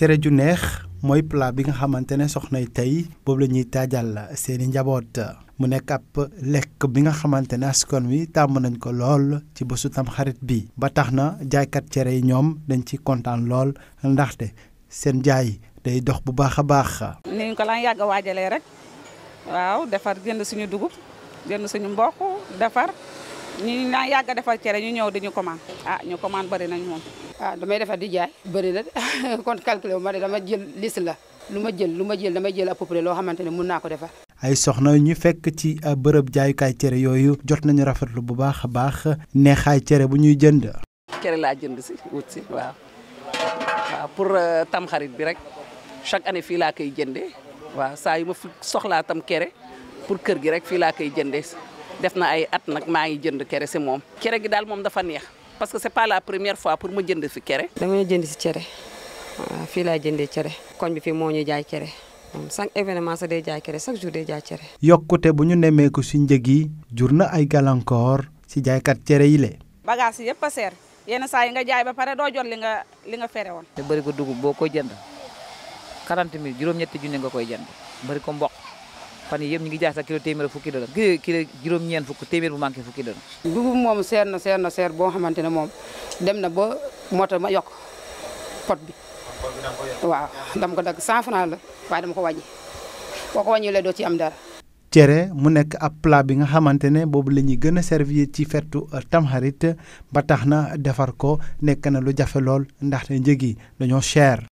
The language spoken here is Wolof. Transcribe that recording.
cere ju neex mooy plat bi nga xamante ne soxna yi tey boobu la ñuy taajal seeni njaboot mu nekk ab lekk bi nga xamante ne askan wi tàmm nañ ko lool ci bésu Tamxarit bi ba tax na jaaykat cere yi ñoom dañ ci kontaan lool ndaxte seen jaay day dox bu baax a baax. ko lan yàgg a rek waaw defar jënd suñu dugub jënd suñu mboq defar ñu lan yàgg defar cere ñu ñëw di ñu commande ah ñu commande bari nañ moom. ah damay defar di jaay bëri na kon calculé wu ma de dama jël liste la lu ma jël lu ma jël damay jël à peu loo xamante ne mun naa ko defar. ay soxna ñu fekk ci ah, bërëb jaayukaay cere yooyu jot nañu rafetlu bu baax a baax neexaay cere bu ñuy jënd. cere laa jënd si wut si waaw waaw euh, tamxarit bi rek chaque année fii laa koy jënde waaw saa yi ma fi soxlaa tam kere pour kër gi rek fii laa koy jëndee def na ay at nag maa ngi jënd kere si moom. kere gi daal moom dafa neex. parce que c'est pas la première fois pour ma jënd fi cere. dama jënd si cere waaw fii laa jëndee cere. koñ bi fii moo ñuy jaay cere. chaque événement sa day jaay cere chaque jour day jaay cere. yokkute bu ñu nemmeeku si njëg yi jur na ay gàllankoor si jaaykat cere yi le. bagage yëpp a seer yenn saa yi nga jaay ba pare doo jot li nga li nga fere woon. te bëri ko dugub boo koy jënd 40 000 juróom-ñetti junne nga koy jënd bari ko mboq. fan yi yëpp ñu ngi jaay sax kilo téeméer ak fukki dërëm kilo kilo juróom-ñeent fukki dërëm dugub moom seer na seer na seer boo xamante ne moom dem na ba moto ma yokk pot bi waaw dama ko dagg 100 francs la waaye dama ko wàññi foo ko wàññi doo ci am dara cere mu nekk ab plat bi nga xamante ne boobu la ñuy gën a servir ci fettu tamxarit ba tax na defar ko nekk na lu jafe lool ndaxte njëg yi dañoo cher